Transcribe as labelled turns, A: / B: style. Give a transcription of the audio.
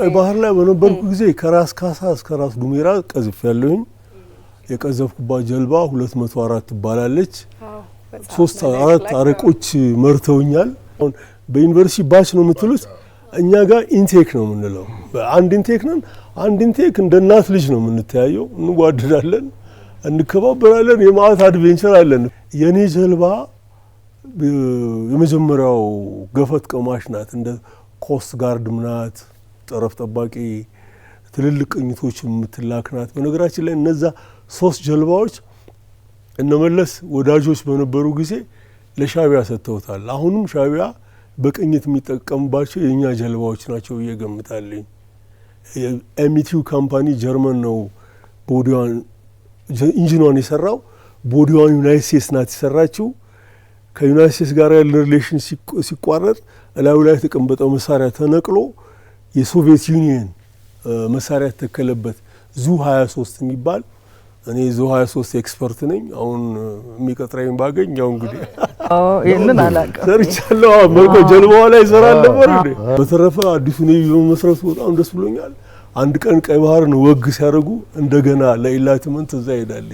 A: ቀይ ባህር ላይ በነበርኩ ጊዜ ከራስ ካሳ እስከ ራስ ጉሜራ ቀዝፍ ያለሁኝ። የቀዘፍኩባት ጀልባ አራት ትባላለች። ሶስት አራት አረቆች መርተውኛል። አሁን በዩኒቨርሲቲ ባች ነው የምትሉት፣ እኛ ጋር ኢንቴክ ነው የምንለው። አንድ ኢንቴክ ነን። አንድ ኢንቴክ እንደ እናት ልጅ ነው የምንተያየው። እንዋደዳለን፣ እንከባበራለን። የማዕት አድቬንቸር አለን። የእኔ ጀልባ የመጀመሪያው ገፈት ቀማሽ ናት። እንደ ኮስት ጋርድ ናት። ጠረፍ ጠባቂ ትልልቅ ቅኝቶች የምትላክ ናት። በነገራችን ላይ እነዛ ሶስት ጀልባዎች እነመለስ ወዳጆች በነበሩ ጊዜ ለሻቢያ ሰጥተውታል። አሁንም ሻቢያ በቅኝት የሚጠቀምባቸው የእኛ ጀልባዎች ናቸው ብዬ ገምታለኝ። ኤሚቲው ካምፓኒ ጀርመን ነው ቦዲዋን ኢንጂኗን የሰራው። ቦዲዋን ዩናይት ስቴትስ ናት የሰራችው። ከዩናይት ስቴትስ ጋር ያለ ሪሌሽን ሲቋረጥ እላዩ ላይ የተቀመጠው መሳሪያ ተነቅሎ የሶቪየት ዩኒየን መሳሪያ የተተከለበት ዙ 23 የሚባል እኔ ዙ 23 ኤክስፐርት ነኝ። አሁን የሚቀጥረኝ ባገኝ ያው እንግዲህ
B: ይህንን አላውቅም
A: ሰርቻለሁ። መልኮ ጀልባዋ ላይ ዘራ ነበር። በተረፈ አዲሱ ኔቪ በመስረቱ በጣም ደስ ብሎኛል። አንድ ቀን ቀይ ባህርን ወግ ሲያደርጉ እንደገና ለኢንላይትመንት እዛ ይሄዳል።